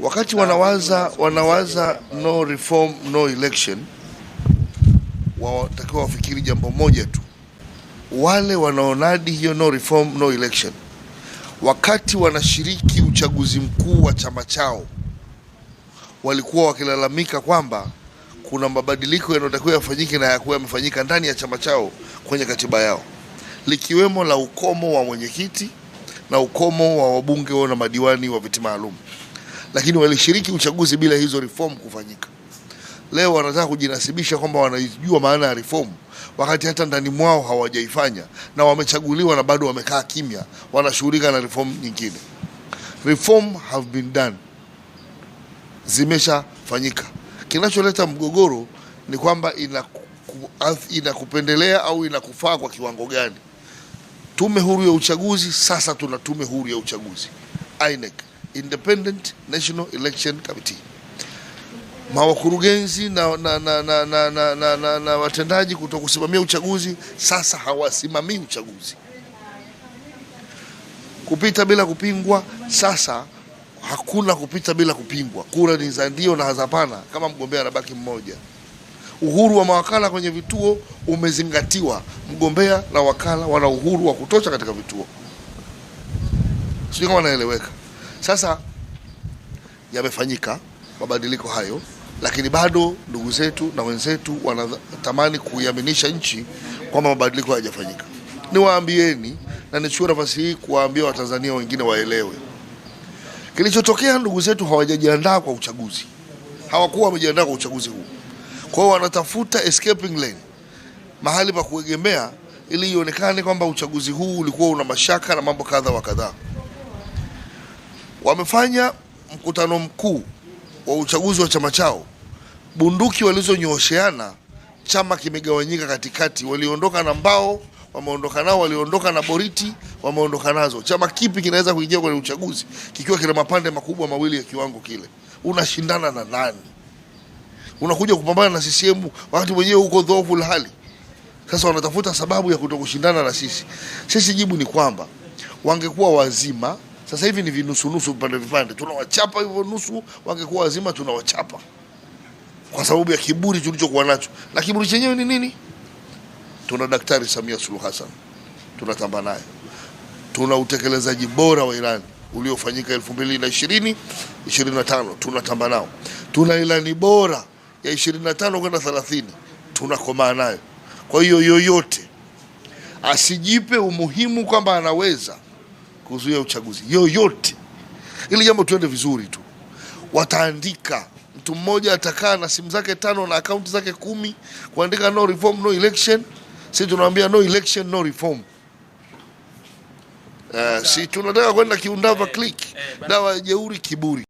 Wakati wanawaza wanawaza no reform no election, watakiwa wafikiri jambo moja tu, wale wanaonadi hiyo no reform no election, wakati wanashiriki uchaguzi mkuu wa chama chao walikuwa wakilalamika kwamba kuna mabadiliko yanayotakiwa yafanyike na yakuwa yamefanyika ndani ya chama chao kwenye katiba yao, likiwemo la ukomo wa mwenyekiti na ukomo wa wabunge na madiwani wa viti maalum lakini walishiriki uchaguzi bila hizo reform kufanyika. Leo wanataka kujinasibisha kwamba wanajua maana ya reform, wakati hata ndani mwao hawajaifanya na wamechaguliwa na bado wamekaa kimya, wanashughulika na reform nyingine. Reform have been done, zimeshafanyika. Kinacholeta mgogoro ni kwamba inakupendelea ina au inakufaa kwa kiwango gani? Tume huru ya uchaguzi. Sasa tuna tume huru ya uchaguzi INEC. Independent National Election Committee. Mawakurugenzi na, na, na, na, na, na, na, na, na watendaji kutoka kusimamia uchaguzi sasa hawasimamii uchaguzi. Kupita bila kupingwa, sasa hakuna kupita bila kupingwa. Kura ni za ndio na hazapana kama mgombea anabaki mmoja. Uhuru wa mawakala kwenye vituo umezingatiwa. Mgombea na wakala wana uhuru wa kutosha katika vituo. sio kama naeleweka. Sasa yamefanyika mabadiliko hayo, lakini bado ndugu zetu na wenzetu wanatamani kuiaminisha nchi kwamba mabadiliko hayajafanyika. Niwaambieni na nichukue nafasi hii kuwaambia Watanzania wengine waelewe kilichotokea. Ndugu zetu hawajajiandaa kwa uchaguzi, hawakuwa wamejiandaa kwa uchaguzi huu. Kwa hiyo wanatafuta escaping lane, mahali pa kuegemea, ili ionekane kwamba uchaguzi huu ulikuwa una mashaka na mambo kadha wa kadhaa wamefanya mkutano mkuu wa uchaguzi wa chama chao. Bunduki walizonyoosheana chama kimegawanyika katikati, waliondoka na mbao, wameondoka nao, waliondoka na boriti, wameondoka nazo. Chama kipi kinaweza kuingia kwenye uchaguzi kikiwa kina mapande makubwa mawili ya kiwango kile? Unashindana na nani? Unakuja kupambana na CCM wakati mwenyewe uko dhaifu hali. Sasa wanatafuta sababu ya kutokushindana na sisi. Sisi jibu ni kwamba wangekuwa wazima sasa hivi ni vinusu nusu vipande vipande, tunawachapa hivyo nusu. Wangekuwa wazima, tunawachapa kwa sababu ya kiburi tulichokuwa nacho, na kiburi chenyewe ni nini? Tuna Daktari Samia Suluhu Hassan, tunatamba naye, tuna utekelezaji bora wa ilani uliofanyika 2020 25, tunatamba nao, tuna ilani bora ya 25 kwenda 30 tunakomaa nayo. Kwa hiyo yoyote asijipe umuhimu kwamba anaweza kuzuia uchaguzi yoyote. Ili jambo tuende vizuri tu, wataandika mtu mmoja atakaa na simu zake tano na akaunti zake kumi kuandika no reform no election. Sisi tunawaambia no election no reform. Uh, si tunataka kwenda kiundava click, eh, eh, dawa jeuri kiburi.